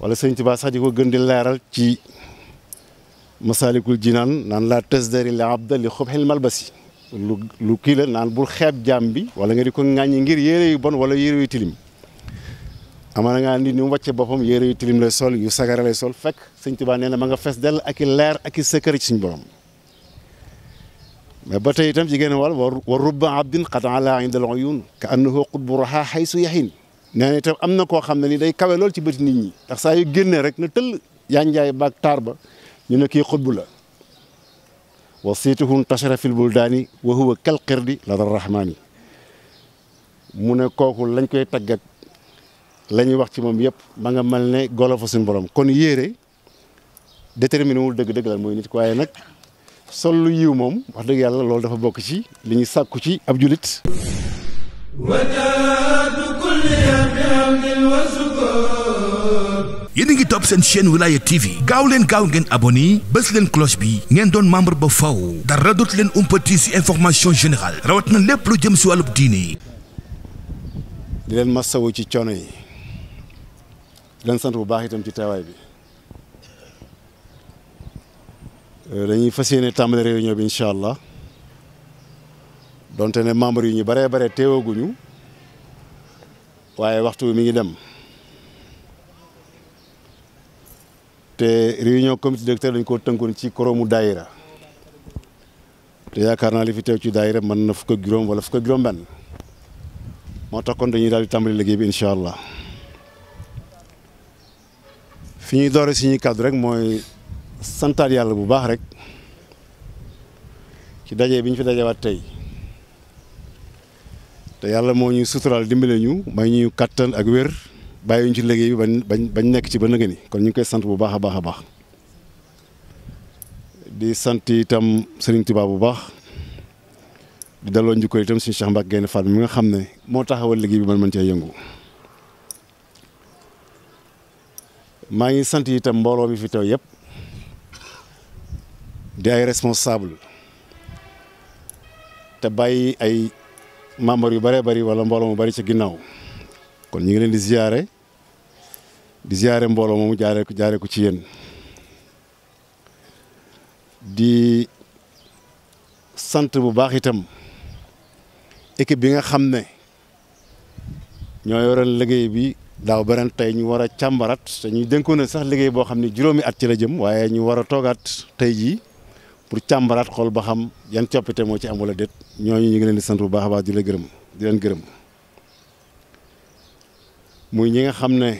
wala sëñ Tuubaa sax di ko gën di leeral ci masaalikul jinaan naan laa tasdari li abda li xubxil malbasi lu kii la naan bul xeeb jaam bi wala nga di ko ŋàññi ngir yére yu bon wala yére yu tilim amaana ngaa nit ni mu wàcce boppam yére yu tilim lay sol yu sagara lay sol fekk sëñ Tuubaa nee na ma nga fes dell ak i leer ak i sëkkër ci suñu mais ba tey itam ci genn wàll wa rubba abdin qad ala indal uyun ka annahu qutbu raha haysu yahin nee na am na koo xam ne ni day kawe lool ci bëti nit ñi ndax saa yu génnee rek na tëll yaanjaay baag taar ba ñu ne kii xutbu la wa siituhun tashara fil buldaani wa huwa kal qirdi la dar rahmaani mu ne kooku lañ koy tagg ak la ñuy wax ci moom yëpp ma nga mal ne golo fa suñu borom kon yére déterminé wul dëgg-dëgg lan mooy nit ko waaye nag sol lu yiw moom wax dëgg yàlla loolu dafa bokk ci li sàkku ci ab julit yéen a ngi topp seen chaîne Wilaya TV gaaw leen gaaw ngeen abonné bés leen cloche bi ngeen doon membre ba faw dara dootu leen umpati ci information général rawat na lépp lu jëm ci wàllub diine yi di leen masawu ci coono yi di leen sant bu baax itam ci teewaay bi euh, dañuy fas yéene tàmbali réunion bi incha allah donte ne membre yu ñu baree bare teewaguñu waaye waxtu mi ngi dem te réunion comité directeur dañ koo tënkoon ci koromu daayira te yaakaar naa li fi ci daayira mën na fukk ak juróom wala fukk juróom benn moo tax kon dañuy daal di tàmbali liggéey bi incha allah fi ñuy doore suñuy kàddu rek mooy santaat yàlla bu baax rek ci daje bi ñu fi dajewaat tey te yàlla moo ñuy suturaal dimbale ñu may ñu kattan ak wér bàyyi ñu ci léegi ba bañ bañ nekk ci ba nga kon ñu koy sant bu baax a baax a baax di sant itam Serigne Touba bu baax di daloo njukkoo itam suñu Cheikh Mbacke Gaynde Fatma mi nga xam ne moo taxawal léegi bi man mën cee yëngu maa ngi sant itam mbooloo mi fi teew yëpp di ay responsable te bàyyi ay. membre yu bëree bari wala mbooloo mu bari ci ginnaaw kon ñu ngi leen di ziyaare di ziyaare mbooloo moomu jaaree ko jaaree ko ci yën di sant bu baax itam équipe bi nga xam ne ñoo yoroon liggéey bi daaw beneen tey ñu war a càmbaraat te ñu dénkoon sax liggéey boo xam ne juróomi at ci la jëm waaye ñu war a toogaat tey jii pour càmbaraat xool ba xam yan coppite moo ci am wala déet ñooñu ñu ngi leen di sant bu baax baax di la gërëm di leen gërëm muy ñi nga xam ne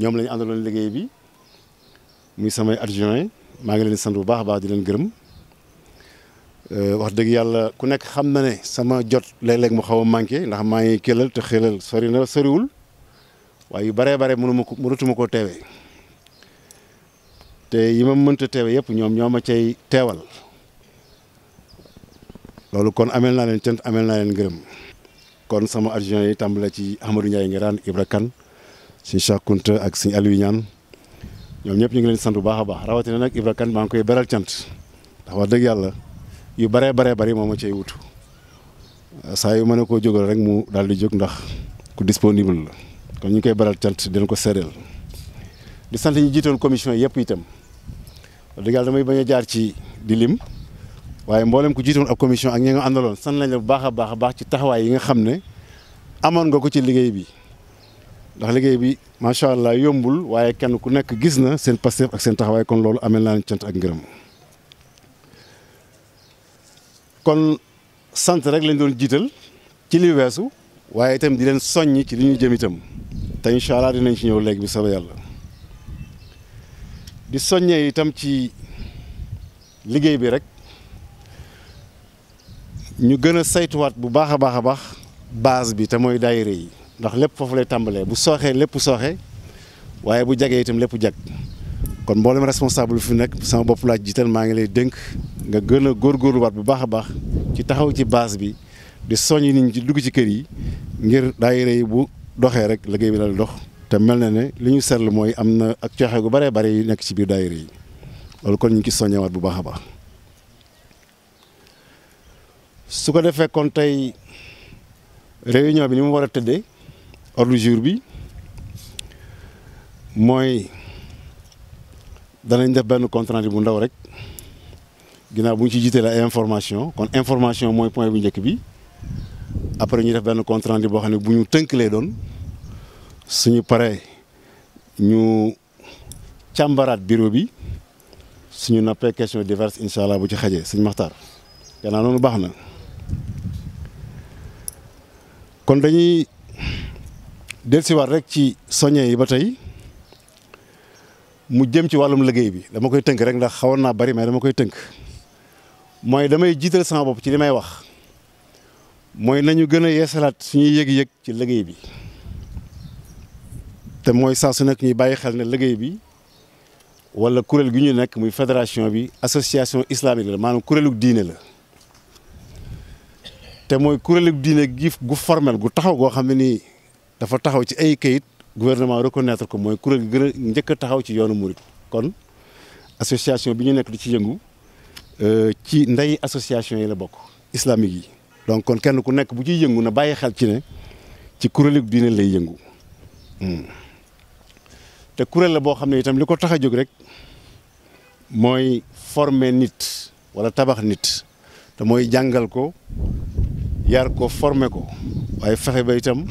ñoom la ñu liggéey bi muy samay adjoint maa ngi leen di sant bu baax a baax di leen gërëm euh, wax dëgg yàlla ku nekk xam na ne sama jot léeg mu xaw a manqué ndax maa ngi kéelal te xéelal sori na soriwul waaye yu baree bare mënu ma ko mënatuma koo teewee te yi ma mënta teewe yëpp ñoom ñoo ma cay teewal loolu kon amel naa leen cant amel naa leen ngërëm kon sama adjoint yi tàmbale ci Amadou Ndiaye Nguirane Ibra Kane si Cheikh Kounta ak si Aliou Niane ñoom ñëpp ñu ngi leen sant bu baax a baax rawatina nag Ibra Kane maa ngi koy beral cant ndax wax dëgg yàlla yu baree baree bari moom ma cay wutu saa yu mën a koo jógal rek mu daal di jóg ndax ku disponible la kon ñu ngi koy beral cant di ko seddeel di sant ñu jiital commission yëpp itam. dëgg yàlla damay bañ a jaar ci di lim waaye mboolem ku jiitoon ak commission ak ñi nga àndaloon sant nañ la bu baax a baax baax ci taxawaay yi nga xam ne amoon nga ko ci liggéey bi ndax liggéey bi macha allah yombul waaye kenn ku nekk gis na seen Pastef ak seen taxawaay kon loolu amee naa cant ak ngërëm kon sant rek lañ doon jiital ci li weesu waaye itam di leen soññ ci li ñu jëm itam te incha allah dinañ ci ñëw léegi bi sama yàlla. di soññee itam ci liggéey bi rek ñu gën a saytuwaat bu baax a baax a baax base bi te mooy daayira yi ndax lépp foofu lay tàmbalee bu sooxee lépp sooxee waaye bu jagee itam lépp jag kon mboolem responsable fi nekk sama bopp laa jiital maa ngi lay dénk nga gën a góorgóorluwaat bu baax a baax ci taxaw ci baas bi di soñ nit ñi ci dugg ci kër yi ngir daayira yi bu doxee rek liggéey bi dal dox te mel na ne li ñu seetlu mooy am na ak cooxe gu bëree bëri yu nekk ci biir daayira yi loolu kon ñu ci soññewaat bu baax a baax su ko defee kon tey réunion bi ni mu war a tëddee ordre du jour bi mooy danañ def benn compte rendu bu ndaw rek ginnaaw bu ñu ci jiitee la information kon information mooy point bu njëkk bi après ñu def benn compte rendu boo xam ne bu ñu tënk lay doon. suñu paree ñu càmbaraat bureau bi suñu nappee question diverses incha allah bu ci xajee suñu maxtaar yàlla noonu baax na kon dañuy dellusiwaat rek ci soññe yi ba tey mu jëm ci wàllum liggéey bi dama koy tënk rek ndax xawoon naa bari mais dama koy tënk mooy damay jiital sama bopp ci li may wax mooy nañu gën a yeesalaat suñuy yëg-yëg ci liggéey bi te mooy saa su nekk ñuy bàyyi xel ne liggéey bi wala kuréel gi ñu nekk muy fédération bi association islamique la maanaam kuréelu diine la te mooy kuréelu diine gi gu formel gu taxaw goo xam ne nii dafa taxaw ci ay kayit gouvernement reconnaître ko mooy kuréel gi gën a njëkk a taxaw ci yoonu murit kon association bi ñu nekk di ci yëngu euh, ci ndey association yi la bokk islamique yi donc kon kenn ku nekk bu ciy yëngu na bàyyi xel ci ne ci kuréelu diine lay yëngu hmm. te kuréel la boo xam ne itam li ko tax a jóg rek mooy former nit wala tabax nit te mooy jàngal ko yar ko former ko waaye fexe ba itam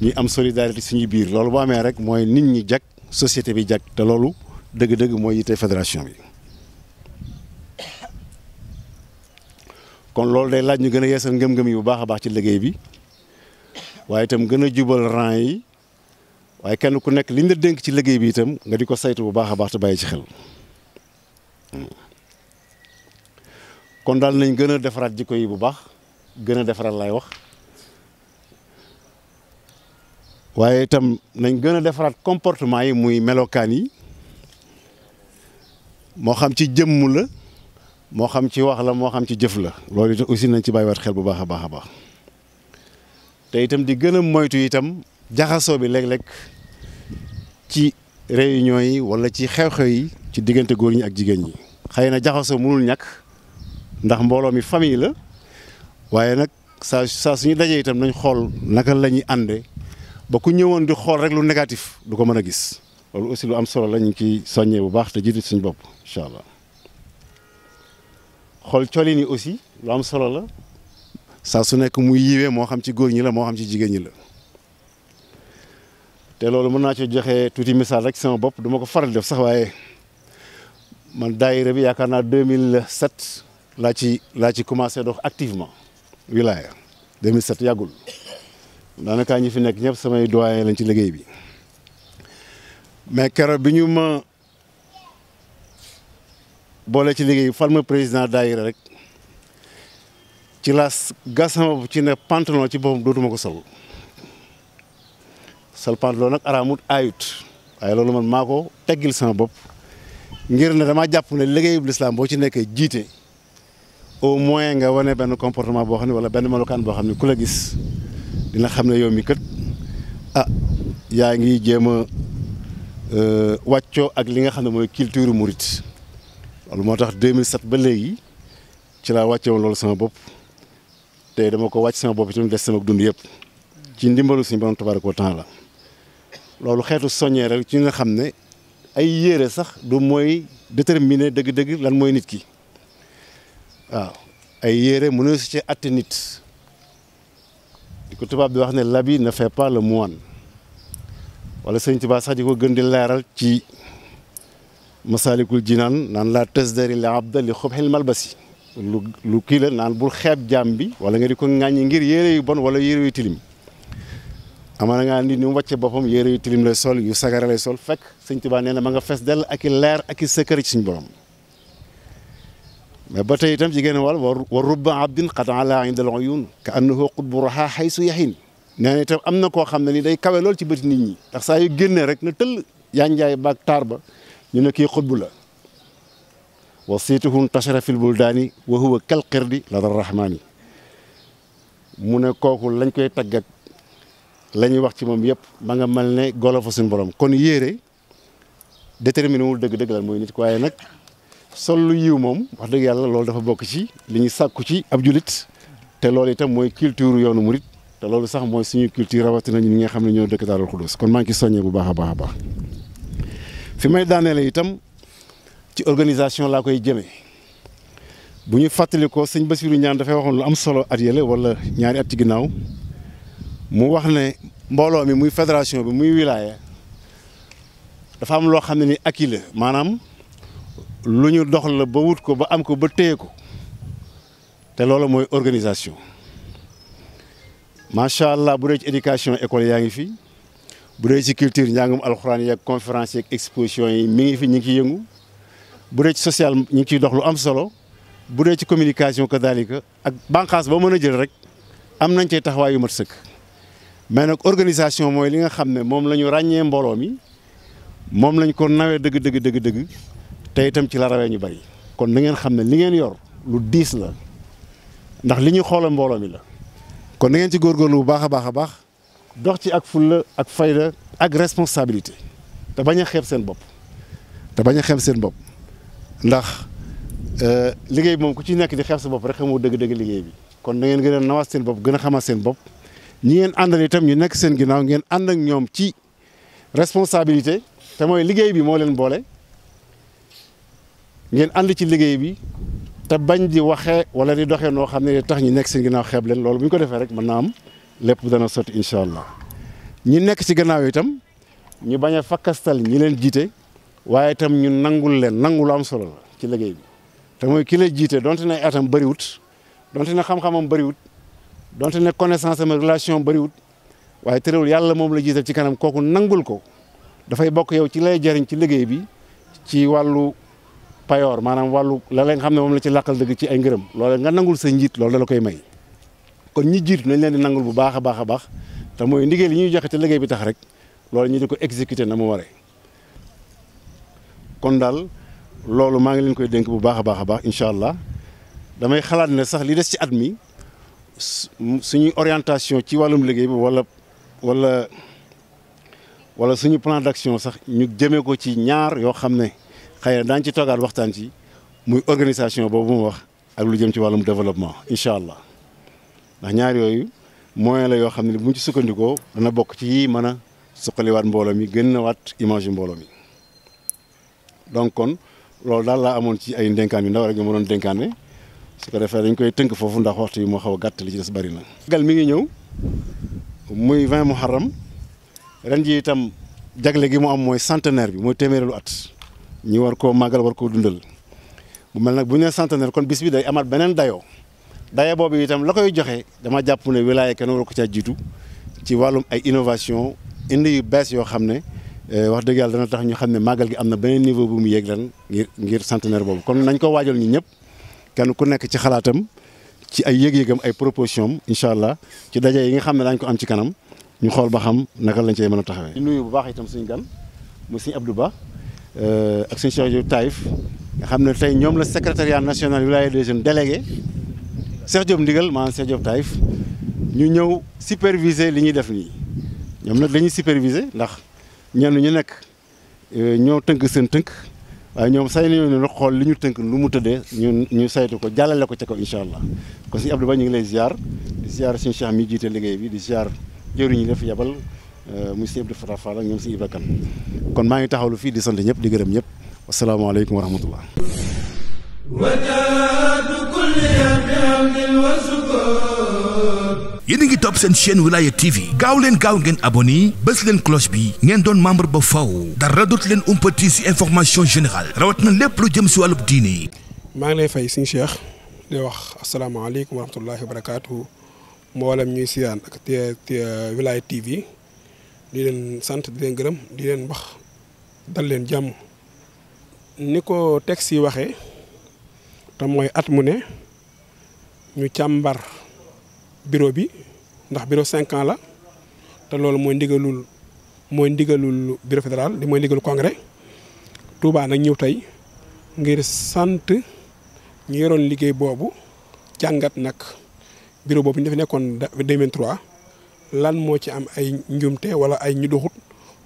ñuy am solidarité suñu biir loolu boo amee rek mooy nit ñi jag société bi jag te loolu dëgg-dëgg mooy yitte fédération bi. kon loolu day laaj ñu gën a yeesal ngëm-ngëm yi bu baax a baax ci liggéey bi waaye itam gën a jubal rang yi waaye kenn ku nekk liñ la dénk ci liggéey bi itam nga di ko saytu bu baax a baax te bàyyi ci xel kon daal nañ gën a defaraat jikko yi bu baax gën a defaraat laay wax waaye itam nañ gën a defaraat comportement yi muy melokaan yi moo xam ci jëmm la moo xam ci wax la moo xam ci jëf la loolu itam aussi nañ ci bàyyiwaat xel bu baax a baax a baax te itam di gën a moytu itam jaxasoo bi léeg-léeg ci réunion yi walla ci xew-xew yi ci diggante góor ñi ak jigéen ñi xëy na jaxasoo mënul ñàkk ndax mbooloo mi famille la waaye nag saa saa suñu dajee itam nañ xool naka la ñuy ànde ba ku ñëwoon di xool rek lu négatif du ko mën a gis loolu aussi lu am solo la ciy soññee bu baax te jiitu suñu bopp incha allah xool colin yi aussi lu am solo la saa su nekk mu yiwee moo xam ci góor ñi la moo xam ci jigéen ñi la te loolu mën naa ci joxe tuuti misaal rek sama bopp duma ko faral def sax waaye man daayira bi yaakaar naa 2007 laa ci laa ci commencé dox activement wilaya 2007 yàggul daanaka ñi fi nekk ñëpp samay doyen lañ ci liggéey bi mais keroog bi ñu ma boole ci liggéey fal ma président daayira rek ci laas gasama bu ci ne pantalon ci boppam dootuma ko sol salpante loolu nag araamut ayut waaye loolu man maa ko teggil sama bopp ngir ne damaa jàpp ne liggéeyub lislaam boo ci nekkee jiite au moins nga wane benn comportement boo xam ne wala benn malokaan boo xam ne ku la gis dina xam ne yow mi kët ah yaa ngi jéem a euh, wàccoo ak li nga xam ne mooy culture murit loolu moo tax 2007 ba léegi ci laa wàcce loolu sama bopp te dama ko wàcc sama bopp ci mu des sama dund yëpp ci ndimbalu suñu borom tabaaraka wa taala loolu xeetu soññee rek ci nga xam ne ay yére sax du mooy déterminer dëgg-dëgg lan mooy nit ki waaw ay yére mënoo si ci atte nit di ko tubaab di wax ne l'habit ne fait pas le moine wala sëñ Tuubaa sax di ko gën di laaral ci masaalikul jinaan naan laa tasdari li abda li xubxil malbasi lu lu kii la naan bul xeeb jaam bi wala nga di ko ŋàññi ngir yére yu bon wala yére yu tilim amaana ngaa nit ni mu boppam yére yu tilim lay sol yu sagara lay sol fekk sëñ Tuubaa nee na ma nga fees dell ak i leer ak i sëkkër ci suñ borom mais ba tey itam jigéen wàll wa rubba abdin qad ala inda al uyun ka annahu qutbu raha haysu yahin nee na tam am na koo xam ne ni day kawe lool ci bëti nit ñi ndax saa yu génnee rek na tëll yaanjaay baag taar ba ñu ne kii xutbu la wa siituhu ntashara fil buldaani wa huwa kal qirdi lada rahmaani ne kooku lañ koy tàggat lañuy wax ci moom yëpp ma nga mel ne golo fa suñ borom kon yére déterminé wul dëgg-dëgg lan mooy nit waaye nag sol lu yiw moom wax dëgg yàlla loolu dafa bokk ci li ñuy sàkku ci ab julit te loolu itam mooy culture yoonu murit te loolu sax mooy suñu culture rawatina ñi nga xam ne ñoo dëkk Daarul Xudoos kon maa ngi ci soññee bu baax a baax a baax fi may daaneele itam ci organisation laa koy jëmee bu ñu fàttalikoo sëñ Basiru ñaan dafay waxoon lu am solo at yële wala ñaari at ci ginnaaw mu wax ne mbooloo mi muy fédération bi muy wilaya dafa am loo xam ne ni aki la maanaam lu ñu dox la ba wut ko ba am ko ba téye ko te loolu mooy organisation macha allah bu dee ci éducation école yaa ngi fi bu dee ci culture njàngum alxuraan yeeg conférence yeeg exposition yi mi ngi fi ñu ngi ciy yëngu bu dee ci social ñu ngi ciy dox lu am solo bu dee ci communication kadalika ak bànqaas ba mën a jël rek am nañ cee taxawaay yu mat sëkk. mais nag organisation mooy li nga xam ne moom la ñu ràññee mbooloo mi moom lañ ko nawee dëgg dëgg dëgg te itam ci la rawee ñu bari kon na ngeen xam ne li ngeen yor lu diis la ndax li ñu xoolal mbooloo mi la kon na ngeen ci góorgóorlu bu baax a baax a baax dox ci ak fulla ak fayda ak responsabilité te bañ a xeeb seen bopp te bañ a xeeb seen bopp ndax euh, liggéey bi moom ku ci nekk di xeeb sa bopp rek xamoo dëgg-dëgg liggéey bi kon na ngeen gën a nawaat seen gën a xamaat seen bopp ñi ngeen àndal itam ñu nekk seen ginnaaw ngeen ànd ak ñoom ci responsabilité te mooy liggéey bi moo leen boole ngeen ànd ci liggéey bi te bañ di waxee wala di doxee noo xam ne tax ñu nekk seen ginnaaw xeeb leen loolu bu ñu ko defee rek mën naam am lépp dana sotti incha allah ñu nekk ci gannaaw itam ñu bañ a fakkastal ñi leen jiite waaye itam ñu nangul leen nangul am solo la ci liggéey bi te mooy ki la jiite donte ne atam bëriwut donte ne xam-xamam bëriwut. donte ne connaissance ma relation bëriwut waaye terewul yàlla moom la jiital ci kanam kooku nangul ko dafay bokk yow ci lay jariñ ci liggéey bi ci wàllu payoor maanaam wàllu la xam ne moom la ci làqal dëgg ci ay ngërëm loolu nga nangul sa njiit koy may kon ñi jiit nañ leen di nangul bu baax a baax a baax te mooy ndigal yi ñuy joxe te liggéey bi tax rek loolu ñu di ko exécuter na mu waree kon daal loolu maa ngi leen koy dénk bu baax a baax a baax incha allah damay xalaat ne sax lii des ci at mi suñu orientation ci wàllum liggéey bi wala walla wala suñu plan d'action sax ñu jëmee ko ci ñaar yoo xam ne xëy na daañu ci toogaat waxtaan ci muy organisation boobu mu wax ak lu jëm ci wàllum développement incha allah ndax ñaar yooyu moyen la yoo xam ne bu ñu ci sukkandikoo dana bokk ci yii mën a suqaliwaat mbooloo mi gën a waat image yu mbooloo mi donc kon loolu daal laa amoon ci ay ndénkaan yu ndaw rek ñu mënoon dénkaane. su ko defee dañ koy tënk foofu ndax waxtu yi moo xaw a gàtt li ci des bari na. Magal mi ngi ñëw muy 20 muharram ren ji itam jagle gi mu am mooy centenaire bi mooy téeméerélu at ñu war koo màggal war koo dundal mu mel nag bu ñu nee centenaire kon bis bi day amaat beneen dayoo daye boobu itam la koy joxe dama jàpp ne wilaaya kenn war ko caa jiitu ci wàllum ay innovation indi yu bees yoo xam ne eh, wax dëgg yàlla dana tax ñu xam ne màggal gi am na beneen niveau bu mu yéeg lan ngir ngir boobu kon nañ ko waajal ñu ñëpp. kenn ku nekk ci xalaatam ci ay yëg-yëgam ay proposition am allah ci daje yi nga xam ne daañu ko am ci kanam ñu xool ba xam naka lañ cey mën a taxawee. di bu baax itam suñu gan mu suñu Abdou Ba euh, ak suñu Cheikh Diop nga xam ne tey ñoom la secrétariat national wilaya des jeunes délégué Cheikh Diop Ndigal maanaam Cheikh Diop Taïf ñu ñëw superviser li ñuy def nii ñoom nag dañuy superviser ndax ñenn ñu nekk euh, ñoo tënk seen tënk. waaye ñoom say nañu ne xool li ñu tënk lu mu tëddee ñu ñu saytu ko jàllale ko ca kaw incha allah kon si Abdou Ba ñu ngi lay ziar di si suñu Cheikh mi jiite liggéey bi di ziar jëriñu def yabal euh, muy si Abdou Fatah Fall ak ñoom si Ibra kon maa ngi taxaw taxawlu fii di sant ñëpp di gërëm ñëpp wasalaamaaleykum wa rahmatullah yéen a ngi topp seen chaîne Wilaya TV gaaw leen gaaw ngeen abonné bés leen cloche bi ngeen doon membre ba faw dara dootu leen umpati si information général rawat na lépp lu jëm si wàllu diine yi. maa ngi lay fay ñu cheikh di wax asalaamaaleykum wa rahmatullahi wa barakaatu mboolem ñuy siyaan ak Wilaya TV di leen sant di leen gërëm di leen wax dal leen jàmm ni ko teg si waxee te mooy at mu ne ñu càmbar. bureau bi ndax bureau cinq ans la te loolu mooy ndigalul mooy ndigalul bureau fédéral li mooy ndigalul congrès tuubaa nag ñëw tey ngir sant ñu yoroon liggéey boobu jàngat nag bureau boobu ñu dafa nekkoon 2003 lan moo ci am ay njuumte wala ay ñu doxut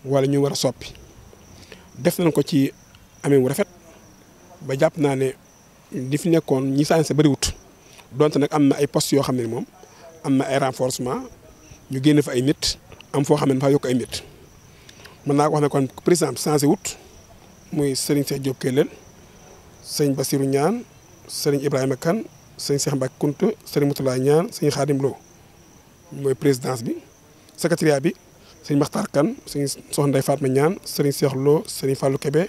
wala ñu war a soppi def nañ ko ci amee mu rafet ba jàpp naa ne li fi nekkoon ñi sañse bariwut donte nag am na ay postes yoo xam ne moom am na ay renforcement ñu génne fa ay nit am foo xam ne dafa yokk ay nit mën naa ko wax ne kon président changé wut muy Serigne Cheikh Diop Kellel sëñ Bassirou ñaan sëriñ Ibrahima kan sëñ Cheikh Mbacke Kounta sëriñ Moutala ñaan sëñ Khadim Lo mooy présidence bi secrétariat bi sëñ Makhtar Kane sëñ Soxna Ndeye Fatma Niane sëriñ Cheikh Lo sëriñ Fallou Kébé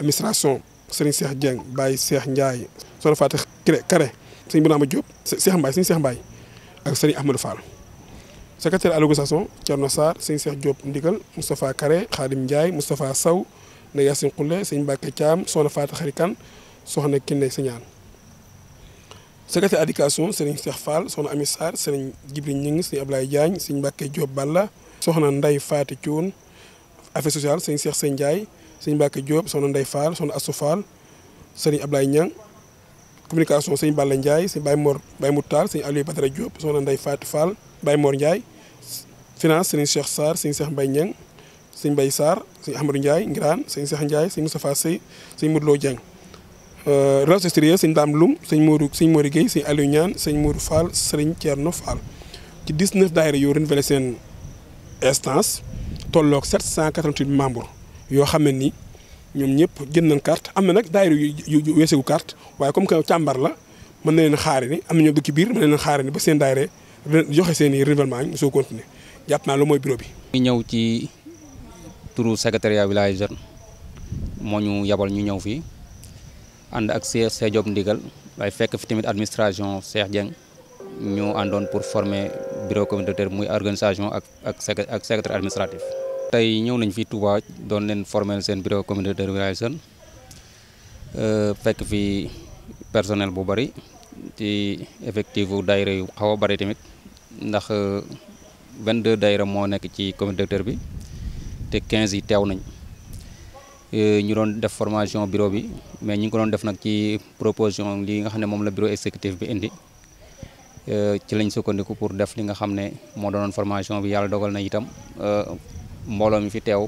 administration sëriñ Cheikh Dieng Baye Cheikh Ndiaye soxna Fatou Kire Kare sëñ Bounama Diop Cheikh Mbaye sëñ Cheikh Mbaye ak sëriñ Ahmadou Fall secrétaire à l'organisation Thierno Sarr sëñ Cheikh Diop Ndigal Moustapha Kare Khadim Ndiaye Moustapha Sow na Yacine Khoule sëñ Mbacke Thiam Soxna Fatou Khary Kane soxna Kiné Signane secrétaire éducation sëriñ Cheikh Fall soxna Ami Sarr sëriñ Djibril Ñing sëriñ Ablaye Diagne sëñ Mbacke Diop Balla soxna Ndeye Fatou Thioune affaire sociale sëñ Cheikh Sène Ndiaye sëñ Mbacke Diop soxna Ndeye Fall soxna Assou Fall sëriñ Ablaye Niang communication sëñ Balla Ndiaye sëñ Baye Mor Baye Moutar sëñ Aliou Badara Diop soxna Ndeye Fatou Fall Baye Mor Ndiaye finance sëñ Cheikh Sarr sëñ Cheikh Mbaye Niang sëñ Mbaye Sarr sëñ Ahmadou Ndiaye Ngiraan sëñ Cheikh Ndiaye sëñ Moustapha Sey sëñ Modou Lo Dieng euh, relations extérieures sëñ Dame Loum sëñ Modou sëñ Modou Guèye sëñ Aliou Niane sëñ Modou Fall sëriñ Thierno Fall ci 19 daayira yoo renouvelé seen instance tolloog 788 membres yoo xam ne ñoom ñëpp jënd nañ carte am na nag daayira yu yu weesewu carte waaye comme que càmbar la mën na leen xaari ni am na ñoo dëkk biir mën na leen xaari ni ba seen daayira joxe seen i renouvellement ñu soo continuer jàpp naa lu mooy bureau bi. ñu ñëw ci turu secrétariat village jeune moo ñu yabal ñu ñëw fii ànd ak Cheikh Diop Ndigal waaye fekk fi tamit administration Cheikh Dieng ñu àndoon pour former bureau communautaire muy organisation ak ak secrétaire administratif. tey ñëw nañ fi Touba doon leen formel seen bureau communauté de ruralisation euh, fekk fi personnel bu bari te effectif u yu xaw a bari tamit ndax 22 euh, daayira moo nekk ci communauté bi te 15 yi teew nañ euh, ñu doon def formation bureau bi mais ñu ngi ko doon def nag ci proposion li nga xam ne moom la bureau exécutif bi indi ci lañ sukkandiku pour def li nga xam ne moo doonoon formation bi yàlla dogal na itam mbooloo mi fi teew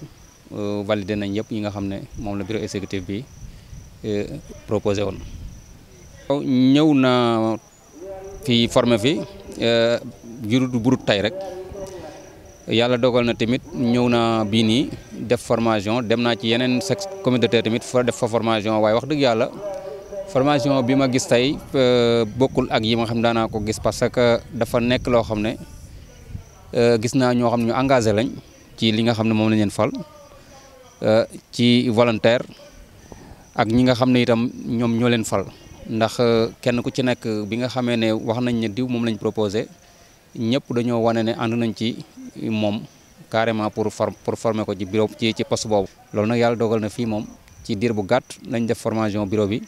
euh, validé nañ yëpp yi nga xam ne moom la bureau exécutif bi euh, proposé woon. ñëw na fi formé fi euh, jurut burut tay rek yàlla dogal na tamit ñëw na bii nii def formation dem naa ci yeneen sexe communautaire tamit foo def fa formation waaye wax dëgg yàlla formation bi ma gis tey bokkul ak yi ma xam daanaa ko gis parce que dafa nekk loo xam ne gis naa ñoo xam ne ñu engagé lañ. ci li nga xam ne moom lañ leen fal euh, ci volontaire ak ñi nga xam ne itam ñoom ñoo leen fal ndax euh, kenn ku ci nekk bi nga xamee ne wax nañ ne diw moom lañ proposé ñëpp dañoo wane ne ànd nañ ci moom carrément pour for pour former ko ci bureau ci ci poste boobu. loolu nag yàlla dogal na fi moom ci diir bu gàtt lañ def formation bureau bi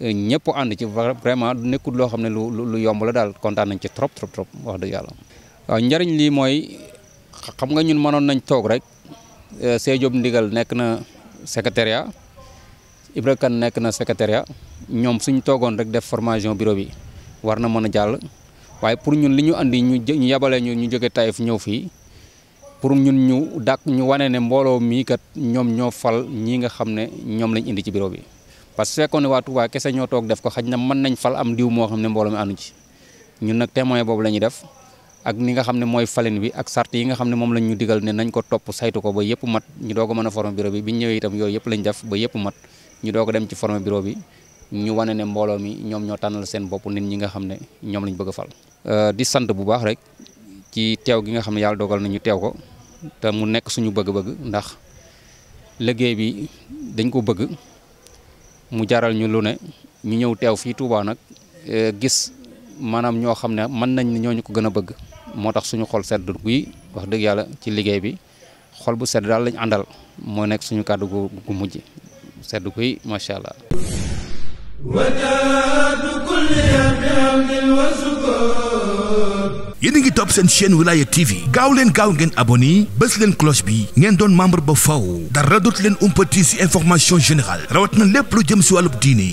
euh, ñëpp ànd ci vraiment nekkut loo xam ne lu lu yomb la daal kontaan nañ ci trop trop trop wax dëgg yàlla. waaw lii mooy. xam nga ñun manoon nañ toog rek eh, Sey Diop Ndigal nekk na secrétariat Ibra Kane nekk na secrétariat ñoom suñ toogoon rek def formation bureau bi war na mën a jàll waaye pour ñun li ñu indi ñu ñu yabalee ñu ñu jóge fu ñëw fii pour ñun ñu dàq ñu wane ne mbooloo mii kat ñoom ñoo fal ñii nga xam ne ñoom lañ indi ci bureau bi parce que fekkoon ne waa kese ñoo toog def ko xaj na mën nañ fal am diw moo xam ne mbooloo mi àndu ci ñun nag témoin boobu la ñuy def ak ni nga xam ne mooy falen bi ak sart yi nga xam ne moom lañ ñu digal ne nañ ko topp saytu ko ba yëpp mat ñu doog a mën a former bureau bi bi ñu ñëwee itam yooyu yëpp ba yëpp mat ñu doog a dem ci former bureau bi ñu wane ne mbooloo mi ñoom ñoo tànnal seen bopp nit ñi nga xam ne ñoom lañ bëgg a fal. Euh, di sant bu baax rek ci teew gi nga xam ne yàlla dogal nañu teew ko te mu nekk suñu bëgg-bëgg ndax liggéey bi dañ ko bëgg mu jaral ñu lu ne ñu ñëw teew fii Touba nag euh, gis. maanaam ñoo xam ne mën nañ ne ñu ko gën a bëgg moo tax suñu xol sedd guy wax dëgg yàlla ci liggéey bi xol bu sedd daal lañu àndal moo nekk suñu kàddu gu gu mujj sedd guy macha allah. yéen a ngi topp seen chaîne Wilaya TV gaaw leen gaaw ngeen abonné bés leen cloche bi ngeen doon membre ba faw dara dootu leen umpati ci information générale rawat na lépp lu jëm si wàllu yi